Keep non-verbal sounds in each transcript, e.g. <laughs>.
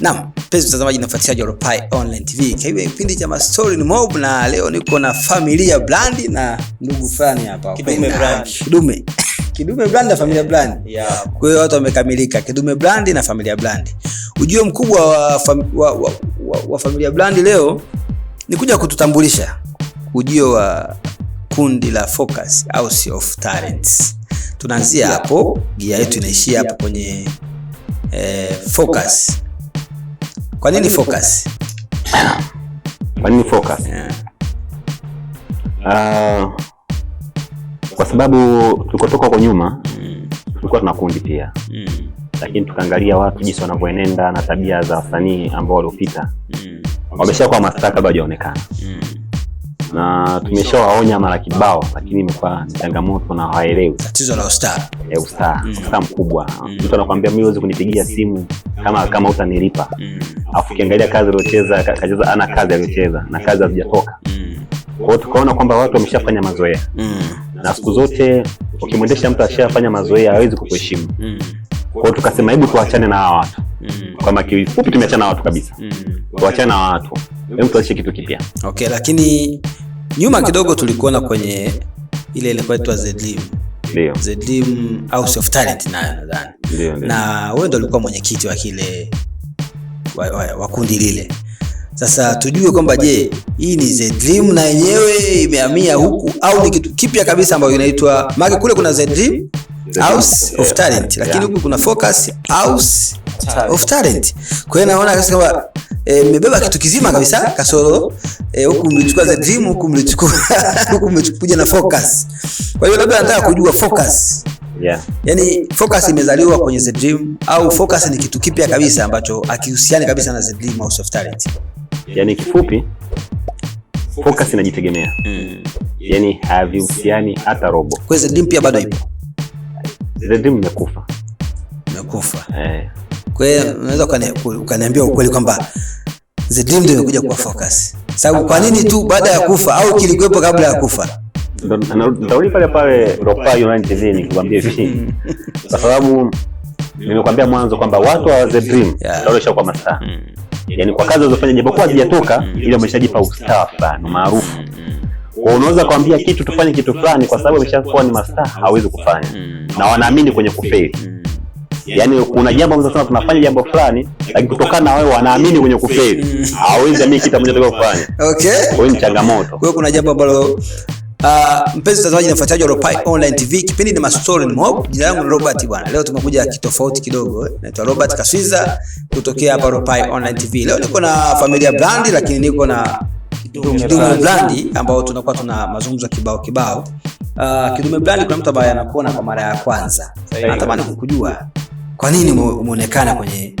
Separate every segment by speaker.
Speaker 1: Naam, mpenzi mtazamaji na mfuatiliaji wa Ropai Online TV. Karibu kipindi cha Mastori ni Mob na leo niko na familia Brand na
Speaker 2: ndugu fulani hapa. Kidume Brand.
Speaker 1: Kidume. <laughs> Kidume Brand na familia Brand. Yeah. Kwa hiyo watu wamekamilika, Kidume Brand na familia Brand. Ujio mkubwa wa, fam, wa, wa, wa, wa familia Brand leo ni kuja kututambulisha ujio wa kundi la Focus House of Talents. Tunaanzia hapo, gia yetu inaishia hapo kwenye eh, Focus. Focus. Kwa nini focus?
Speaker 2: Kwa nini focus? Uh, kwa sababu tulikotoka kwa nyuma mm. tulikuwa tuna kundi pia mm. lakini tukaangalia watu jinsi wanavyoenenda na tabia za wasanii ambao waliopita mm. wameshakuwa mastakabali wajaonekana mm na tumeshawaonya mara kibao, lakini imekuwa changamoto na hawaelewi
Speaker 1: tatizo la ustaa
Speaker 2: e, ustaa mm. usta mkubwa mm. mtu anakuambia mimi huwezi kunipigia simu kama kama utanilipa mm. afu ukiangalia kazi aliocheza kacheza, ana kazi aliocheza na kazi hazijatoka mm. kwao, tukaona kwamba watu wameshafanya mazoea mm. na siku zote ukimwendesha mtu ashafanya mazoea hawezi kukuheshimu mm. kwao, tukasema hebu tuachane na hawa watu mm. kwamba kifupi tumeachana na watu kabisa mm. tuachane na watu hebu tuanzishe kitu kipya
Speaker 1: okay, lakini Nyuma kidogo tulikuona kwenye ile ilikuwa inaitwa Zedlim Zedlim House of Talent nayo
Speaker 2: nadhani,
Speaker 1: na wewe ndo ulikuwa mwenyekiti wa kile wa, wa, wa kundi lile. Sasa tujue kwamba je, hii ni Zedlim na yenyewe imehamia huku au ni kitu kipya kabisa ambayo inaitwa maana, kule kuna Zedlim House of Talent lakini huku kuna Focus House of Talent. Kwa hiyo naona kama Eh, mmebeba kitu kizima kabisa kasoro eh, huku mlichukua za dream huku mlichukua <laughs> huku mmekuja na focus. Kwa hiyo labda nataka kujua focus. Yeah. Yaani focus imezaliwa kwenye The Dream au focus ni kitu kipya kabisa ambacho akihusiani kabisa na The Dream au Soft Talent.
Speaker 2: Yaani kifupi focus inajitegemea. Mm. Yaani havihusiani hata robo.
Speaker 1: Kwa hiyo The Dream pia bado ipo.
Speaker 2: The Dream imekufa. Imekufa. Eh.
Speaker 1: Kwa hiyo unaweza ukaniambia ukweli kwamba The Dream ndio imekuja kwa focus. Sababu kwa nini tu baada ya kufa au kilikuwepo kabla ya kufa?
Speaker 2: Ntarudi pale pale Ropai Online TV nikikwambia hivi. Kwa sababu nimekuambia mwanzo kwamba watu wa The Dream walisha kwa mastaa. Mm. Yaani kwa kazi walizofanya japokuwa hazijatoka mm. ile wameshajipa ustaa fulani maarufu. Mm, kwa unaweza kuambia kitu tufanye kitu fulani kwa sababu ameshakuwa ni mastaa hawezi kufanya. Na wanaamini kwenye kufeli yani kuna jambo ambalo tunasema tunafanya jambo fulani, lakini kutokana na wewe wanaamini kwenye kufeli, hawezi mimi kitu ambacho kufanya. Okay, kwa hiyo ni changamoto Kwa
Speaker 1: hiyo kuna jambo ambalo Uh, mpenzi mtazamaji na mfuatiliaji wa Ropai Online TV, kipindi ni Mastori Mob. Jina langu ni Robert bwana. Leo tumekuja kitofauti kidogo eh. Naitwa Robert Kaswiza kutokea hapa Ropai Online TV. Leo niko na Familia Brand, lakini niko na Kidume brandi ambao tunakuwa tuna mazungumzo kibao kibao. Uh, ah, Kidume brandi, kuna mtu ambaye anakuona kwa mara ya kwanza anatamani kukujua kwa nini umeonekana kwenye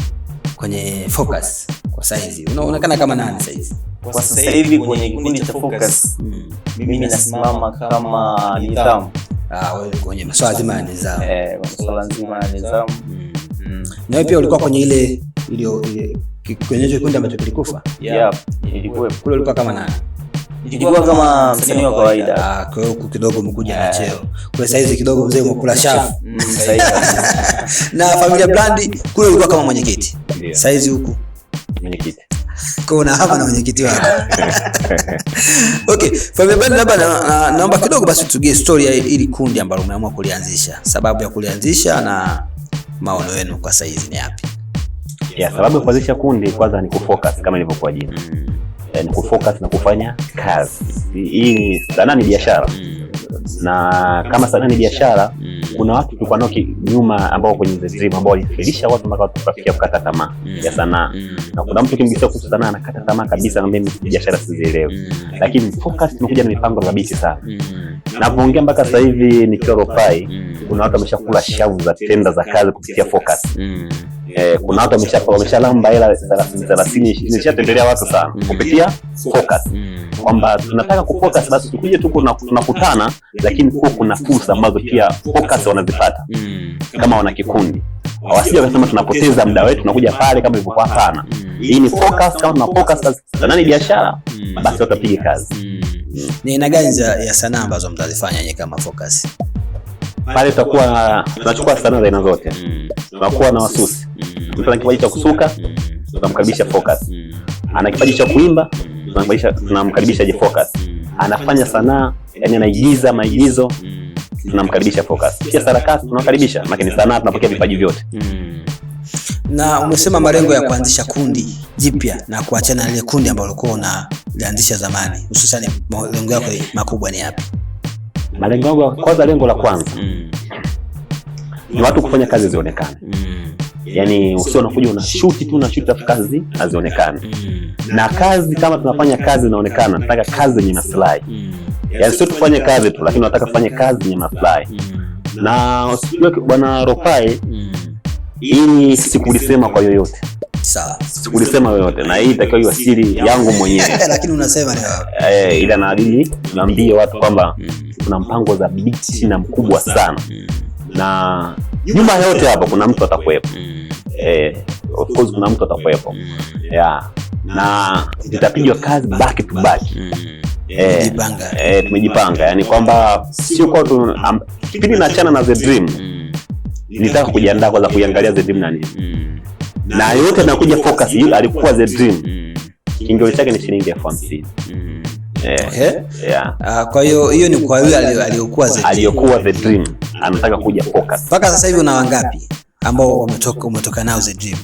Speaker 1: kwenye focus kwa saizi unaonekana kama nani saizi
Speaker 2: kwa sasa hivi kwenye kikundi cha focus hmm. mimi nasimama kama nidhamu
Speaker 1: ah, kwenye masuala zima ya nidhamu
Speaker 2: eh, masuala zima ya nidhamu
Speaker 1: mm. na wewe pia ulikuwa kwenye ile iliyo kwenye hicho kikundi ambacho kilikufa yeah. yep. kule ulikuwa kama nani
Speaker 2: nilikuwa kama msanii wa kawaida.
Speaker 1: Ah, Kwa hiyo kidogo umekuja na eh. cheo, kwa hiyo saizi kidogo mzee umekula shafu mm, <laughs> na familia brandi. Kule ulikuwa kama mwenyekiti, saizi huku mwenyekiti Kwa kuna hapa na mwenyekiti wako <laughs> okay. Familia Brand, labda naomba kidogo basi tugie story ya ili kundi ambalo umeamua kulianzisha, sababu ya kulianzisha na maono yenu kwa saizi ni yapi?
Speaker 2: Ya, sababu ya kuanzisha kundi kwanza ni kufocus kama ilivyokuwa jina mm eh, kufocus na kufanya kazi. Hii sanaa ni biashara mm. na kama sanaa ni biashara mm. kuna watu tulikuwa nao nyuma ambao kwenye the dream ambao walifilisha watu mpaka watu kufikia kukata tamaa mm. ya sanaa mm. na kuna mtu kimbikia kuhusu sanaa anakata tamaa kabisa, na mimi biashara sizielewi mm. lakini focus tumekuja na mipango kabisa sana mm. na kuongea mpaka sasa hivi nikiwa Ropai mm. kuna watu wameshakula shavu za tenda za kazi kupitia focus mm. Eh, kuna watu wameshalamba hela thelathini ishirini, ishatembelea watu sana mm. kupitia mm. focus, mm. kwamba tunataka kufocus, basi tukuje tu tunakutana, lakini kuwa kuna fursa ambazo pia focus wanazipata kama wana kikundi wasije wakasema tunapoteza muda wetu, tunakuja pale kama ilivyokuwa sana. Hii ni focus. Kama tuna focus sanani biashara, basi watapiga kazi.
Speaker 1: Ni aina gani ya sanaa ambazo mtazifanya nyinyi kama focus?
Speaker 2: pale tutakuwa tunachukua sanaa za aina zote, mm. tunakuwa na wasusi. Mm. Mtu mm. ana kipaji cha kusuka, tunamkaribisha Focus. Ana kipaji cha kuimba, tunamkaribisha Je Focus. Anafanya sanaa, yani anaigiza maigizo, tunamkaribisha Focus. Pia sarakasi tunamkaribisha, maana ni sanaa, tunapokea vipaji vyote.
Speaker 1: Na umesema malengo ya kuanzisha kundi jipya na kuachana na ile kundi ambao ulikuwa unalianzisha zamani, hususan malengo yako makubwa ni yapi?
Speaker 2: Malengo yangu kwanza, lengo la kwanza mm. ni watu kufanya kazi zionekane mm. Yani usio unakuja una shuti tu na shuti afu kazi hazionekani mm. na kazi kama tunafanya kazi zinaonekana, nataka kazi zenye maslahi mm. yani sio tufanye kazi tu, lakini nataka kufanya kazi zenye maslahi mm. na bwana Ropai mm. ili sikulisema kwa yoyote Sawa. Sikulisema yoyote na hii itakiwa iwe siri yangu mwenyewe.
Speaker 1: <laughs> Lakini unasema ni wapi?
Speaker 2: Eh, ila naadili niambie watu kwamba mm kuna mpango dhabiti na mkubwa sana, mm. na nyuma yote hapa kuna mtu atakuwepo. Mm. Eh, of course kuna mtu atakuwepo mm. yeah, na zitapigwa kazi back to back. Eh, eh, tumejipanga yani kwamba sio kwa tu kipindi naachana na The Dream nitaka kujiandaa kwanza kuiangalia The Dream na nini na yote nakuja focus. Alikuwa The Dream kingeo chake ni shilingi elfu hamsini.
Speaker 1: Eh, eh? Ah, kwa hiyo hiyo ni kwa yule aliyokuwa the
Speaker 2: aliyokuwa the dream anataka kuja focus.
Speaker 1: Mpaka sasa hivi una wangapi ambao umetoka umetoka nao the dream?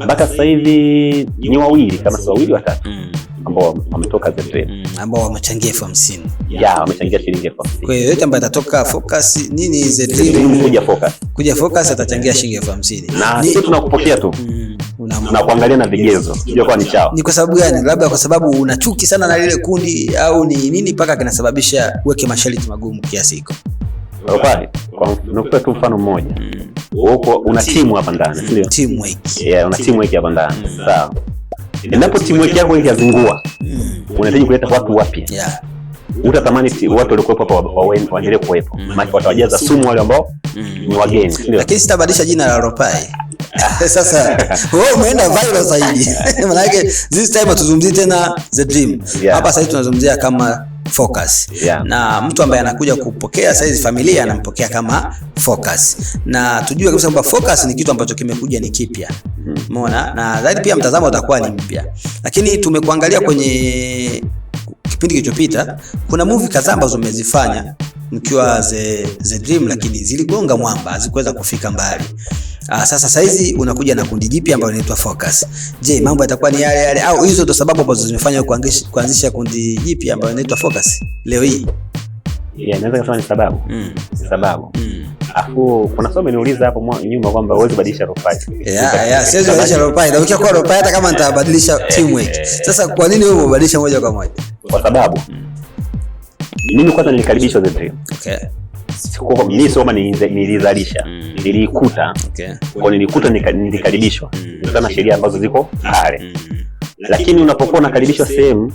Speaker 2: Mpaka sasa hivi ni wawili kama si wawili watatu mm. ambao wametoka the dream mm,
Speaker 1: ambao wamechangia elfu hamsini.
Speaker 2: ya wamechangia shilingi elfu hamsini.
Speaker 1: Kwa hiyo yote ambaye atatoka focus nini the dream kuja focus. Kuja focus atachangia shilingi elfu hamsini.
Speaker 2: Na sisi tunakupokea tu. Mm unakuangalia na vigezo, sio kwa ni chao.
Speaker 1: Ni kwa sababu gani? Labda kwa sababu una chuki sana na lile kundi au ni nini mpaka kinasababisha uweke masharti magumu kiasi hiko?
Speaker 2: Kwa Nakupa tu mfano mmoja, mm. uko una timu hapa ndani,
Speaker 1: sio timu hiki,
Speaker 2: yeah, una timu hiki hapa ndani, mm. sawa. Endapo timu hiki yako ikazingua, mm. unahitaji kuleta watu wapya yeah utatamani watu waliokuwepo hapa waendelee kuwepo, maana watawajaza sumu wale ambao ni wageni,
Speaker 1: lakini sitabadilisha jina la Ropai. <laughs> Sasa wewe umeenda viral zaidi, <laughs> maana yake this time hatuzungumzii tena the dream hapa, yeah. Sasa tunazungumzia kama focus yeah. Na mtu ambaye anakuja kupokea saizi, familia anampokea kama focus, na tujue kabisa kwamba focus ni kitu ambacho kimekuja ni kipya mm-hmm. umeona, na zaidi pia mtazamo utakuwa ni mpya, lakini tumekuangalia kwenye kipindi kilichopita kuna movie kadhaa ambazo mmezifanya mkiwa the, the dream lakini ziligonga mwamba, hazikuweza kufika mbali. Aa, ah, sasa saizi unakuja na kundi jipya ambalo linaitwa Focus. Je, mambo yatakuwa ni yale yale au hizo ndo sababu ambazo zimefanya kuanzisha kundi jipya ambalo linaitwa Focus leo hii?
Speaker 2: Yeah, naweza kusema ni sababu. Mm. Sababu. Mm. Afu kuna swali niuliza hapo nyuma kwamba huwezi badilisha ropai.
Speaker 1: Yeah, yeah, siwezi badilisha ropai. Na ukiwa kwa ropai hata kama nitabadilisha eh, teamwork. Eh. Sasa kwa nini wewe ubadilisha moja kwa moja?
Speaker 2: Kwa sababu mimi kwanza nilikaribishwa The Dream. Okay. Mimi soma nilizalisha mm. nilikuta, kwa nilikuta nilikaribishwa mm. kutokana na sheria ambazo ziko pale mm lakini unapokuwa unakaribishwa sehemu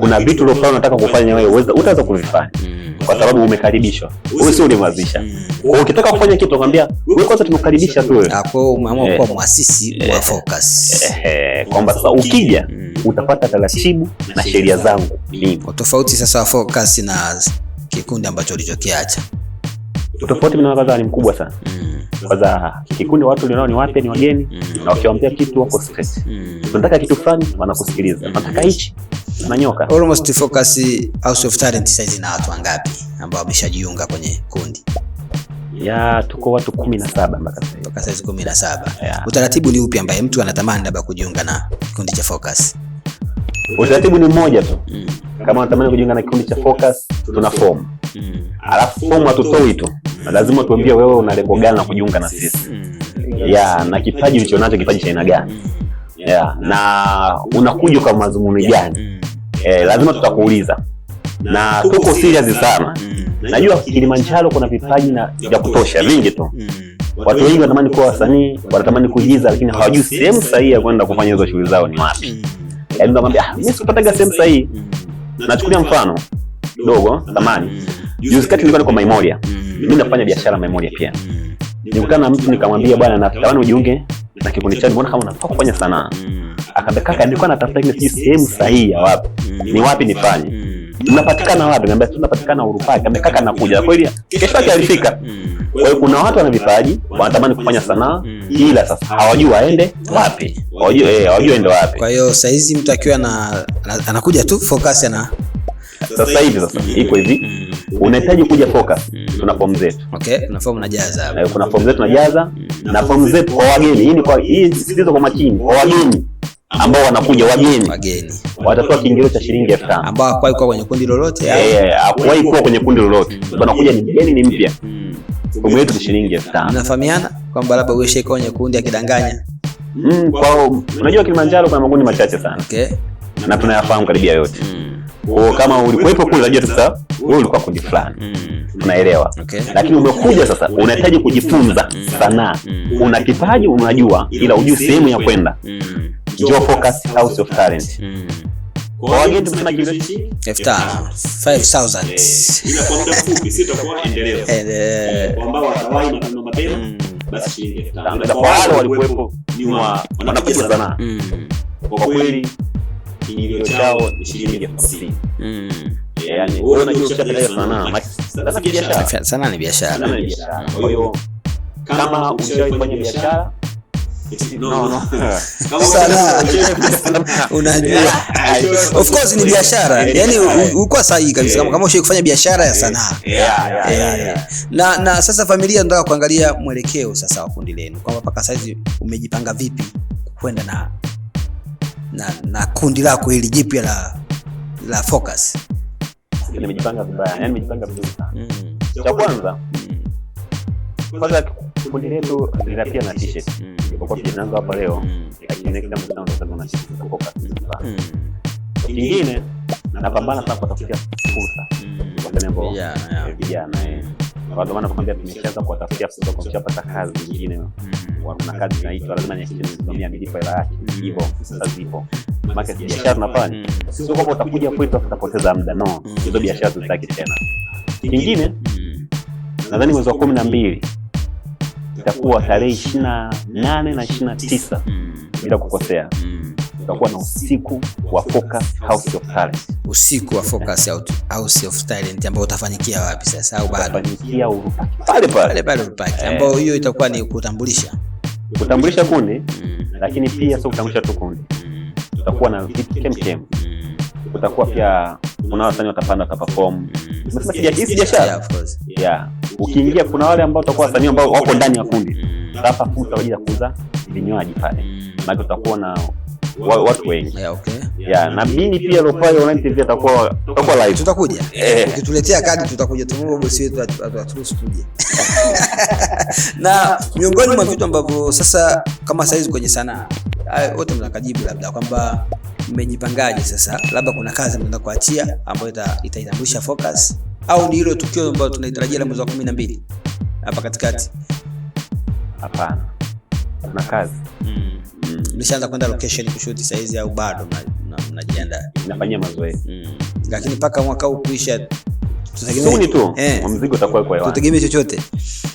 Speaker 2: kuna mm, vitu leo unataka mm, kufanya wewe utaweza kuvifanya mm, kwa sababu umekaribishwa. Wewe sio ulimwazisha. Kwa ukitaka kufanya kitu akwambia wewe kwanza tumekukaribisha tu wewe.
Speaker 1: Eh. Ah, kwa hiyo umeamua eh. kuwa muasisi wa eh. Focus.
Speaker 2: kwamba sasa ukija utapata taratibu na sheria zangu.
Speaker 1: Ni tofauti sasa Focus na kikundi ambacho ulichokiacha
Speaker 2: utofauti mnaweza ni mkubwa sana mm. Kwanza kikundi watu ulionao ni wapya, ni wageni mm. na ukiwaambia kitu wako stress mm. unataka kitu fulani wanakusikiliza, mm. unataka hichi nanyoka.
Speaker 1: Almost focus House of Talent saizi na watu wangapi ambao wameshajiunga kwenye kundi?
Speaker 2: ya tuko watu kumi na saba
Speaker 1: mpaka sasa kumi na saba. Utaratibu ni upi ambaye mtu anatamani labda kujiunga na kikundi cha Focus?
Speaker 2: Utaratibu ni mmoja tu mm. Kama unatamani kujiunga na kikundi cha Focus tuna form mm. Alafu form hatutoi tu, na lazima tuambie wewe una lengo gani la kujiunga na sisi mm. ya Yeah, na kipaji ulichonacho, kipaji cha aina gani mm. Yeah, na unakuja kwa madhumuni mm. gani Eh, lazima tutakuuliza na tuko serious sana mm. Najua Kilimanjaro kuna vipaji na vya kutosha vingi tu Watu wengi wanatamani kuwa wasanii, wanatamani kuigiza, lakini hawajui sehemu sahihi ya kwenda kufanya hizo shughuli zao ni wapi mm lakini namwambia ah, mimi sikupataga sehemu sahihi. Mm. Nachukulia mfano dogo thamani mm. mm. juzi kati nilikuwa niko Maimoria, mimi nafanya biashara Maimoria pia, nikutana na mtu nikamwambia, bwana, natamani ujiunge na kikundi chao, mbona kama unataka kufanya sanaa. Akaambia kaka, nilikuwa natafuta ile sehemu sahihi ya wapi, ni wapi nifanye Mnapatikana wapi? Niambia tunapatikana Urufai. Kama kaka nakuja. Kwa hiyo kesho yake alifika. Hmm. Kwa hiyo kuna watu wana vipaji, wanatamani kufanya sanaa hmm. ila sasa hawajui waende wapi. Hawajui eh, hawajui waende wapi.
Speaker 1: Kwa hiyo sasa hizi mtu akiwa na anakuja tu focus na
Speaker 2: sasa hivi sasa hmm. iko hivi. Unahitaji kuja focus. Tuna form zetu.
Speaker 1: Okay, na form unajaza hapo.
Speaker 2: Eh, kuna form zetu najaza na form zetu kwa wageni. Hii ni kwa hii sisi kwa machini, kwa wageni ambao wanakuja wageni, wageni watatoa kiingilio cha shilingi elfu tano
Speaker 1: ambao hakuwahi kuwa kwenye kundi lolote,
Speaker 2: hakuwahi eh, kuwa kwenye kundi lolote, hmm. wanakuja ni mgeni, ni mpya, ngumu hmm. yetu ni shilingi elfu tano
Speaker 1: Mnafahamiana kwamba labda uishaika kwenye kundi akidanganya
Speaker 2: Mm, kwao unajua Kilimanjaro kuna makundi machache sana. Okay. Na tunayafahamu karibia yote. Mm. Kwa kama ulikuwepo kule unajua sasa hmm. wewe ulikuwa kundi fulani. Mm. Tunaelewa. Okay. Lakini umekuja sasa unahitaji kujifunza sanaa. Mm. Una kipaji unajua ila ujui sehemu ya kwenda. Mm. Joe Focus House walikuwepo ni biashara <laughs> <laughs>
Speaker 1: ni biashara. yani, ulikuwa sahihi kabisa kama kama kufanya biashara ya sanaa.
Speaker 2: Eh.
Speaker 1: Na na sasa familia nataka kuangalia mwelekeo sasa wa kundi lenu kwamba mpaka sasa umejipanga vipi kwenda na na na kundi lako hili jipya la la Focus.
Speaker 2: Nimejipanga vibaya. Yaani nimejipanga vizuri sana. Mm. Cha kwanza. Mm. Kwanza kundi letu lina pia na t-shirt mm. kwa tunaanza hapa leo, mm. lakini kila mtu anaonekana na t-shirt kutoka mm. kingine. Napambana sana kutafutia fursa kwa sababu ya vijana kwa maana tunakwambia tumeshaanza kuwatafutia fursa kwa kushapata kazi nyingine. Kuna kazi zinaitwa lazima nisimamia malipo hela yake, hivyo sasa zipo market biashara tunafanya, sio kwamba utakuja kwetu utapoteza muda, no, hizo biashara tutaki tena. Kingine nadhani mwezi wa kumi na mbili itakuwa tarehe ishirini na nane na ishirini na tisa bila mm. kukosea mm. tutakuwa na usiku wa Focus House of Talent,
Speaker 1: usiku wa Focus House of Talent ambao utafanyikia wapi sasa, au bado utafanyikia pale pale pale Urupaki, ambao hiyo itakuwa ni kutambulisha
Speaker 2: kutambulisha kundi, mm. lakini pia sio kutambulisha tu kundi, tutakuwa na vitu kemkem, Utakuwa pia kuna wasani watapanda wataperform, umesema biashara. ukiingia kuna wale ambao utakuwa wasanii ambao wako ndani ya kundi, mm. utapata fursa kwa ajili ya kuuza vinywaji pale, mm. maana utakuwa na watu wengi yeah, okay. Yeah, na mimi pia Ropai Online TV atakuwa atakuwa live,
Speaker 1: tutakuja eh. Ukituletea kadi tutakuja, tumwombe bosi wetu aturuhusu tuje. <laughs> Na miongoni mwa vitu ambavyo sasa kama saizi kwenye sanaa wote mnakajibu labda kwamba mmejipangaje sasa, labda kuna kazi mnaenda kuachia ambayo itaitambulisha Focus au ni hilo tukio ambalo tunaitarajia la mwezi wa kumi na mbili hapa katikati?
Speaker 2: Hapana, kuna kazi
Speaker 1: mlishaanza mm. kwenda location kushuti saizi au bado mnajiandaa?
Speaker 2: Nafanyia mazoezi
Speaker 1: mm. lakini mpaka mwaka huu kuisha
Speaker 2: tutegemee tu eh, mzigo utakuwa kwa hewani,
Speaker 1: tutegemee chochote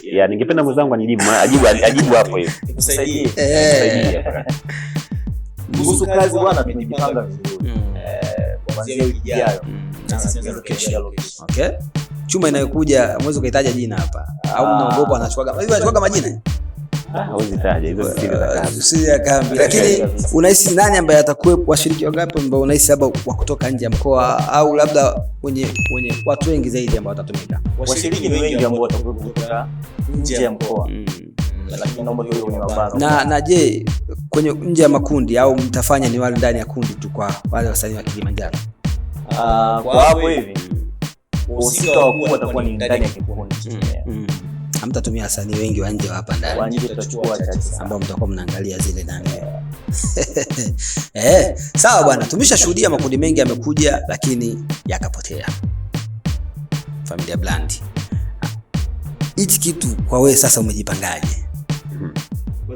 Speaker 2: ya. Ningependa mwenzangu anijibu ajibu ajibu hapo hivi, msaidie eh kuhusu kazi bwana, nimejipanga vizuri kuanzia
Speaker 1: mm. eh, mm. chuma inayokuja mwezi ukahitaja jina hapa au ah. mnaogopa? Anachuaga majina
Speaker 2: ya ah,
Speaker 1: ah, kambi. Lakini unahisi nani ambaye atakuwepo, washiriki wangapi ambao unahisi labda wa kutoka nje ya mkoa au labda wenye wenye watu wengi zaidi ambao watatumika?
Speaker 2: Washiriki wengi ambao watakuwepo kutoka nje ya mkoa
Speaker 1: mm. na na je kwenye nje ya makundi au mtafanya ni wale ndani ya kundi tu kwa wale wasanii wa Kilimanjaro?
Speaker 2: Uh, kwa hapo hivi usika wakuu watakuwa ni ndani ya kikundi
Speaker 1: mm, mm. hamtatumia wasanii wengi wa nje hapa
Speaker 2: ndani ambao mtakuwa mnaangalia zile nani.
Speaker 1: Eh. <laughs> eh, sawa bwana, tumeshashuhudia makundi mengi yamekuja lakini yakapotea. Familia Brand, hichi kitu kwa wewe sasa umejipangaje?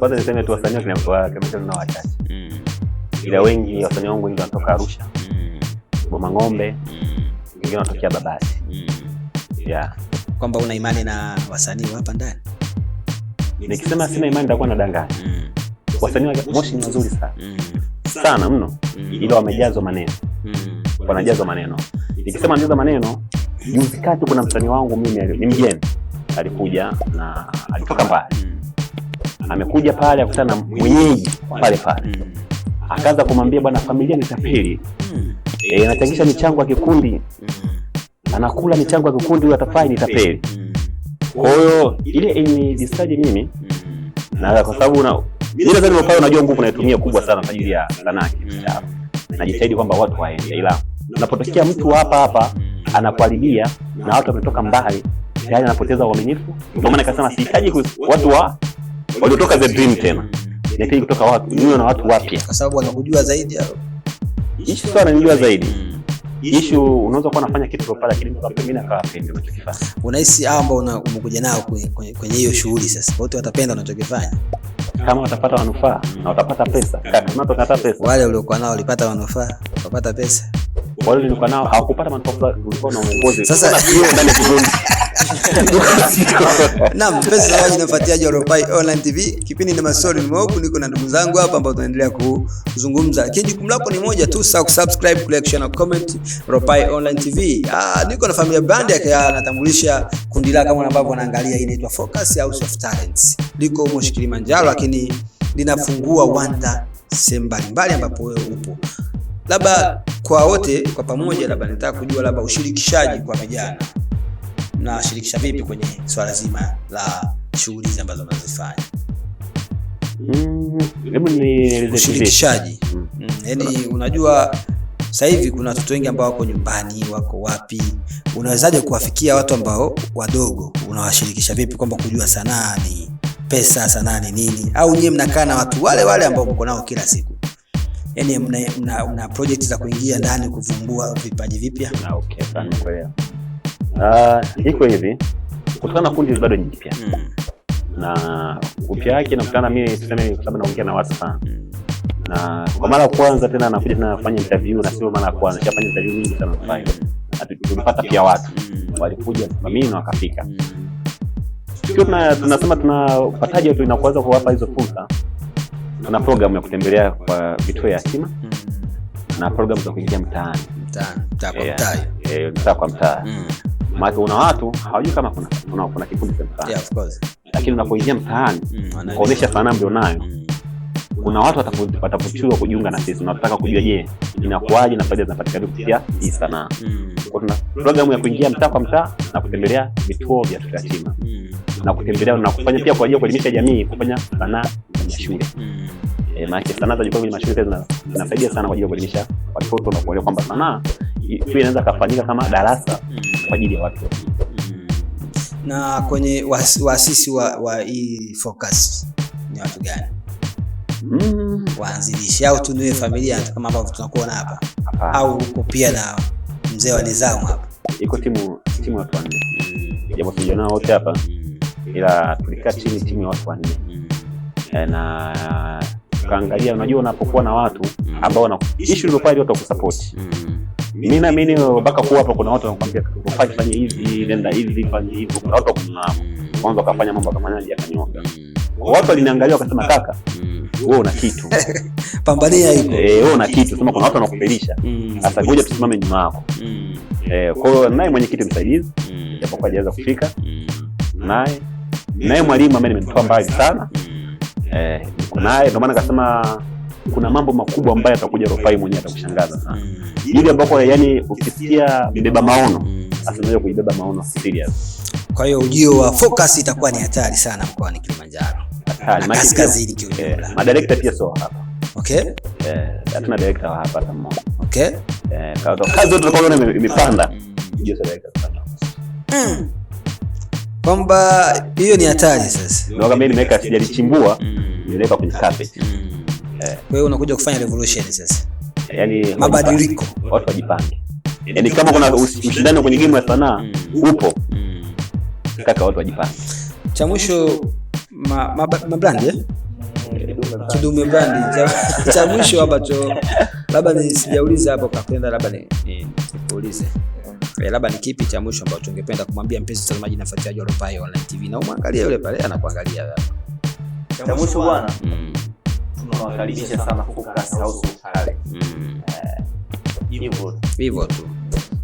Speaker 2: kwanza niseme tu wasanii wa Kilimanjaro wa Kilimanjaro na wachache mm. ila wengi wasanii wangu wengi wanatoka Arusha mm. Boma Ng'ombe mm. wengine wanatokea Babati mm. yeah.
Speaker 1: kwamba una imani na wasanii wa hapa ndani?
Speaker 2: Nikisema sina imani nitakuwa nadanganya mm. wasanii wa Moshi ni wazuri sana mm. sana mno mm. ila wamejazwa maneno mm. wanajazwa maneno. Nikisema najaza maneno, juzi kati kuna msanii wangu mimi ni mgeni alikuja na alitoka mbali amekuja pale akutana na mwenyeji pale pale, akaanza kumwambia bwana, familia ni tapeli, hmm. eh, anachangisha michango ya kikundi, hmm. anakula michango ya kikundi, huyo atafai ni tapeli. Hmm. Kwa hiyo ile ilinidisaje mimi na kwa sababu na ile zani mpaka unajua nguvu naitumia kubwa sana kwa ajili ya sanaa ya najitahidi kwamba watu waende, ila unapotokea mtu hapa hapa anakuharibia na watu wametoka mbali, yaani anapoteza uaminifu. Ndio maana nikasema sihitaji watu wa waliotoka The Dream tena inahitaji kutoka watu niwe na watu wapya,
Speaker 1: kwa sababu wanakujua zaidi.
Speaker 2: Ishu sio ananijua zaidi, hmm. ishu unaweza kuwa nafanya kitu kwa pale, lakini mtu pengine akawapenda unachokifanya.
Speaker 1: Unahisi hao ambao umekuja nao kwenye hiyo shughuli sasa, wote watapenda unachokifanya
Speaker 2: kama watapata manufaa na watapata pesa,
Speaker 1: hmm. kama utapata pesa. Wale uliokuwa nao walipata manufaa, wakapata pesa.
Speaker 2: Wale uliokuwa nao hawakupata manufaa, ulikuwa na uongozi sasa hiyo <laughs> ndani ya kikundi
Speaker 1: <laughs> Naam, mpenzi mtazamaji na mfuatiliaji wa Ropai Online TV, kipindi ni maswali mwogu, niko na ndugu zangu hapa ambao tunaendelea kuzungumza. Kile jukumu lako ni moja tu, sawa, kusubscribe, kulike, share na comment Ropai Online TV. Ah, niko na familia brand yake anatambulisha kundi lake kama ambavyo wanaangalia, inaitwa Focus House of Talents. Liko huko Kilimanjaro, lakini linafungua wanda sehemu mbalimbali ambapo wewe upo labda kwa wote kwa pamoja, labda nitaka kujua labda ushirikishaji kwa vijana mnawashirikisha vipi kwenye swala zima la shughuli hizi ambazo mnazifanya?
Speaker 2: Mm,
Speaker 1: Ushirikishaji mm. mm, yani, unajua sasa hivi kuna watoto wengi ambao wako nyumbani, wako wapi, unawezaje kuwafikia watu ambao wadogo? Unawashirikisha vipi kwamba kujua sanaa ni pesa, sanaa ni nini? Au nyie mnakaa na watu wale wale ambao mko nao kila siku, yani mna, mna, mna project za kuingia ndani kuvumbua vipaji vipya?
Speaker 2: Okay, Uh, iko hivi kutokana na kundi bado ni jipya mm. na upya yake nakutana mimi tuseme, kwa sababu naongea na watu sana mm. na kwa mara ya kwanza tena anakuja tena nafanya interview, na sio mara ya kwanza, anafanya interview nyingi sana mm. tulipata pia watu mm. walikuja mimi na wakafika mm. tukiwa tuna, tunasema tunapataje watu inakuanza kuwapa hizo fursa. Tuna program ya kutembelea kwa vituo ya yatima mm. na program za kuingia mtaani eh, eh, mtaa kwa mtaa mm maana una watu hawajui kama kuna, kuna, kuna kikundi cha mtaani yeah, lakini unapoingia mtaani mm, mm sanaa mm. kuna watu kujiunga na sisi kujua je na faida zinapatikana kupitia hii sanaa mm. tuna programu ya kuingia mtaa kwa mtaa na kutembelea vituo vya mm. na kutembelea na kufanya pia kwa ajili ya kuelimisha jamii kufanya sanaa shule mm. E, maanake sanaa za jukwaa kwenye mashule zinasaidia sana kwa ajili ya kuelimisha watoto na kuelewa kwamba sanaa pia inaweza kafanyika kama darasa mm kwa ajili ya watu
Speaker 1: wengine. Mm. Na kwenye waasisi wa, wa hii focus ni watu gani? Mm. Waanzilishi au tunue familia kama ambavyo tunakuona hapa au uko pia na mzee wa nizamu hapa?
Speaker 2: Iko timu timu watu wanne, mm. japo tujanao wote hapa, mm. ila tulikaa chini timu ya watu wanne eh, na tukaangalia, unajua unapokuwa na watu ambao issue ilikuwa watu wakusapoti mimi naamini mpaka kuwa hapa kuna watu wanakuambia ufanye fanye hivi, nenda hivi, fanye hivyo. Kuna watu kuna kwanza wakafanya mambo kama nani yakanyoka. Mm. Watu waliniangalia wakasema, kaka mm. wewe una kitu.
Speaker 1: <laughs> Pambania hiyo.
Speaker 2: Eh, wewe una kitu. Sema kuna watu wanakubelisha. Mm. Sasa ngoja tusimame nyuma yako. Eh, kwa hiyo naye kitu msaidizi japokuwa hajaweza kufika. Naye naye mwalimu ambaye nimemtoa mbali sana. Eh, naye ndio maana akasema kuna mambo makubwa ambayo atakuja Rufai mwenyewe atakushangaza sana, ili mm. ambapo yani ukisikia mbeba maono mm. asinaja kuibeba maono serious.
Speaker 1: Kwa hiyo ujio wa Focus itakuwa ni hatari sana mkoani Kilimanjaro,
Speaker 2: hatari kaskazini kiujumla. Eh, Madirekta pia sio hapa okay, eh, hatuna director hapa hata mmoja okay, eh, kazi yote tunaona imepanda ujio mm. wa director
Speaker 1: sana kwamba hiyo ni hatari. Sasa
Speaker 2: ndio kama nimeweka sijalichimbua, nimeweka kwenye carpet
Speaker 1: Eh. Kwa hiyo unakuja kufanya revolution sasa, yani eh, mabadiliko,
Speaker 2: watu wajipange. Eh, yani kama kuna ushindani kwenye game ya sanaa mm. upo mm. kaka, watu wajipange.
Speaker 1: Cha mwisho mabrand kidume brand <laughs> cha mwisho ambacho labda nisijauliza hapo, kapenda labda ni, nikuulize labda ni kipi cha mwisho ambacho ungependa kumwambia mpenzi mtazamaji na mfuatiliaji wa Ropai Online TV, na umwangalie yule pale anakuangalia.
Speaker 2: Cha mwisho bwana mm tunawakaribisha sana Focus
Speaker 1: Hivyo tu.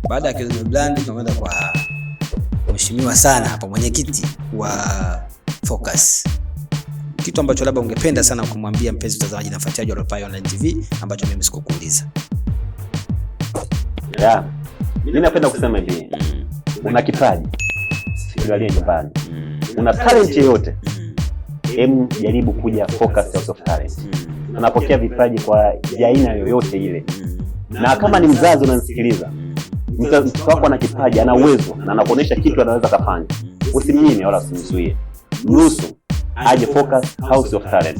Speaker 1: Baada ya Kilimo Brand tunakwenda kwa mheshimiwa sana hapa mwenyekiti wa Focus. Kitu ambacho labda ungependa sana kumwambia mpenzi mtazamaji na mfuatiaji wa Ropai Online TV ambacho mimi sikukuuliza.
Speaker 2: Yeah. Mimi napenda kusema hivi. Mm. Una kipaji. Sigalie nyumbani. Mm. Una talent yoyote. Mm hem, jaribu kuja focus out of talent. Tunapokea hmm. vipaji kwa aina yoyote ile, hmm. na kama ni mzazi unanisikiliza, hmm. mtoto wako ana kipaji, ana uwezo na anakuonyesha kitu anaweza kafanya, usimnyime wala usimzuie, mruhusu aje focus house of talent.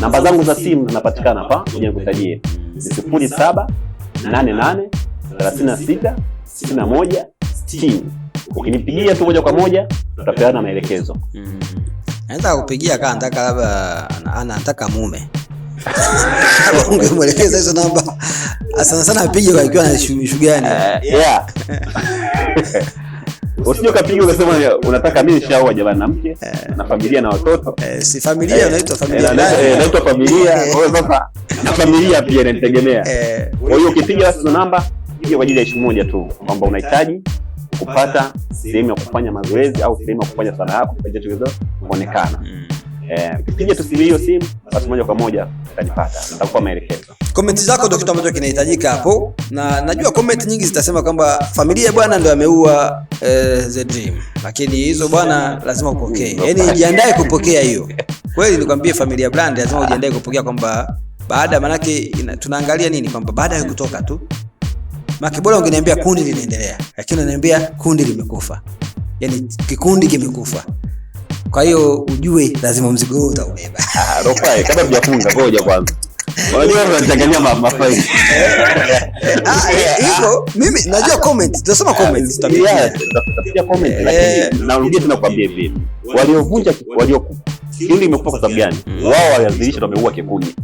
Speaker 2: Namba zangu za simu zinapatikana hapa, ngoja nikutajie: sifuri saba nane nane thelathini na sita sitini na moja sitini. Ukinipigia tu moja kwa moja tutapeana maelekezo.
Speaker 1: Anaweza kupigia kama anataka labda anataka mume. <laughs> Ungemwelekeza hizo namba. Sana sana apige kwa ikiwa na shughuli gani?
Speaker 2: Eh, yeah. <laughs> Usije ukapiga ukasema unataka mimi nishaoa jamani na mke eh. na familia na watoto.
Speaker 1: Eh, si familia unaitwa familia. Naitwa
Speaker 2: familia. <laughs> Wewe sasa na familia pia inanitegemea. Kwa hiyo ukipiga hizo namba, piga kwa ajili ya ishu moja tu kwamba unahitaji kupata sehemu ya kufanya mazoezi au sehemu ya kufanya sala yako kwa chochote kuonekana. Mm. Eh, tu simu hiyo simu basi moja kwa moja utanipata. Nitakupa maelekezo.
Speaker 1: Comment zako ndio kitu ambacho kinahitajika hapo, na najua comment nyingi zitasema kwamba familia bwana ndio ameua eh, the dream, lakini hizo bwana lazima upokee, mm. yaani jiandae kupokea hiyo kweli. Nikwambie familia brand lazima ujiandae kupokea kwamba baada, manake tunaangalia nini kwamba baada ya kutoka tu maana bora ungeniambia kundi linaendelea, lakini unaniambia kundi limekufa. yani kikundi kimekufa. Kwa hiyo ujue lazima mzigo huu
Speaker 2: utaubeba. <laughs> Ah, Ropai kabla ngoja kwanza. <laughs>
Speaker 1: Ah, eh, mimi najua comment, comment, comment
Speaker 2: lakini eh. narudia tena hivi. Waliovunja waliokufa Hili imekuwa kwa sababu gani? Mm. Wao walianzisha na wameua kikundi,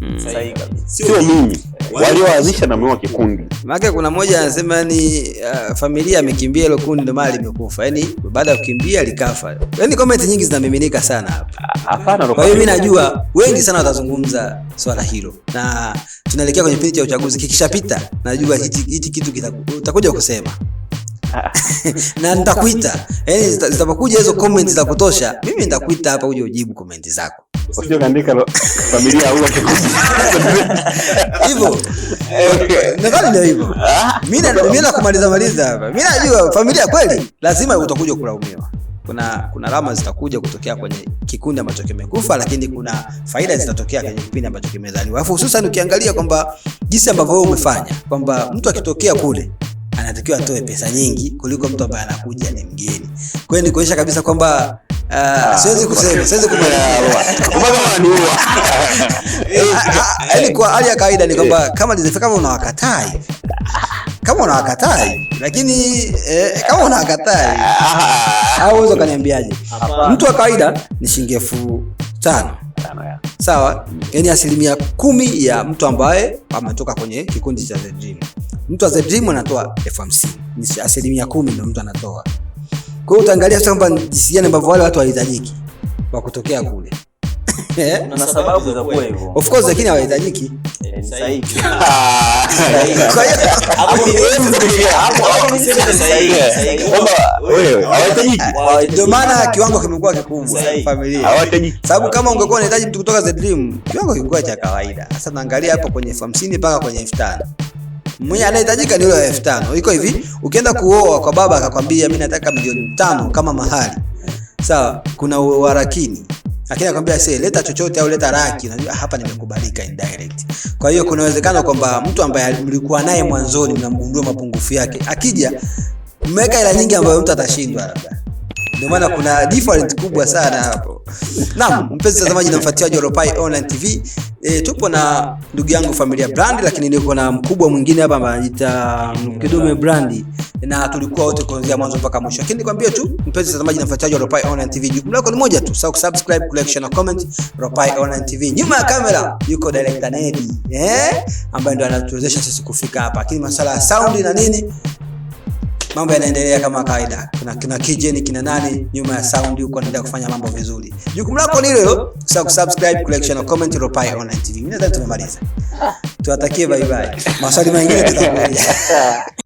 Speaker 2: sio mimi. Walioanzisha na wameua kikundi.
Speaker 1: Maana kuna mmoja anasema ni uh, familia amekimbia ile kundi ndio mali imekufa. Yani baada ya kukimbia likafa. Yani comment nyingi zinamiminika sana hapa. Hapana, kwa hiyo mimi najua wengi sana watazungumza swala hilo, na tunaelekea kwenye kipindi cha uchaguzi. Kikishapita najua hichi kitu kitakuja kusema na nitakuita, eh, yani zitapokuja hizo comments za kutosha, mimi nitakuita hapa uje ujibu comment zako
Speaker 2: usije kaandika familia au <laughs> hivyo. Nadhani ndio hivyo. Mimi ah. mimi na kumaliza maliza hapa, mimi najua familia kweli, lazima utakuja kulaumiwa kuna kuna alama zitakuja kutokea kwenye kikundi ambacho kimekufa, lakini kuna faida zitatokea kwenye kipindi ambacho kimezaliwa, alafu hususan ukiangalia kwamba jinsi ambavyo wewe umefanya kwamba mtu akitokea kule anatakiwa atoe mm. pesa nyingi kuliko mtu ambaye anakuja ni mgeni. Kwa hiyo ni kuonyesha kabisa kwamba ah, ah, siwezi kusema, siwezi kumwelewa. <laughs> Eh, ah, kwa hali ya kawaida ni kwamba kama kama unawakatai kama unawakatai lakini eh, kama unawakatai au unaweza kaniambiaje? Mtu wa kawaida ni shilingi elfu tano. ya. Sawa, yani asilimia kumi ya mtu ambaye ametoka kwenye kikundi cha The Dream. Mtu wa The Dream anatoa elfu hamsini ni asilimia kumi ndio mtu anatoa. Kwa hiyo utaangalia sasa kwamba jinsi gani ambavyo wale watu walihitajiki wa kutokea kule Eh? Kuna sababu lakini hawahitajiki. Ndio maana kiwango kimekuwa kikubwa familia. Sababu kama ungekuwa unahitaji mtu kutoka Zedream, kiwango kingekuwa cha kawaida. Sasa naangalia hapo kwenye elfu hamsini mpaka kwenye elfu tano. Mwenye anahitajika ni yule elfu tano. Iko hivi, ukienda kuoa kwa baba akakwambia mimi nataka milioni tano kama mahali Sawa, kuna uharakini lakini akamwambia see, leta chochote au leta raki, unajua hapa nimekubalika indirect. Kwa hiyo kuna uwezekano kwamba mtu ambaye mlikuwa naye mwanzoni mnamgundua mapungufu yake, akija mmeweka hela nyingi ambayo mtu atashindwa labda ndio maana kuna different kubwa sana hapo. Naam, mpenzi mtazamaji na mfuatiliaji wa Ropai Online TV, E, tupo na ndugu yangu familia Brandi, lakini niko na mkubwa mwingine hapa ambaye anajiita Kidume Brandi, na tulikuwa wote kuanzia mwanzo mpaka mwisho. Lakini nikwambie tu mpenzi mtazamaji na mfuatiliaji wa Ropai Online TV, jukumu lako ni moja tu, sawa? like, share na comment. Ropai Online TV, nyuma ya kamera yuko director Nedi, eh, ambaye ndo anatuwezesha sisi kufika hapa, lakini masuala ya sound na nini mambo yanaendelea kama kawaida. Kuna kina kijeni kina nani nyuma ya sound huko, anaendelea kufanya mambo vizuri. Jukumu lako ni hilo hilo, kusubscribe, collection na comment Ropai Online TV. Mimi nadhani tumemaliza, <laughs> tuwatakie bye bye. Maswali mengine tutakuja <laughs>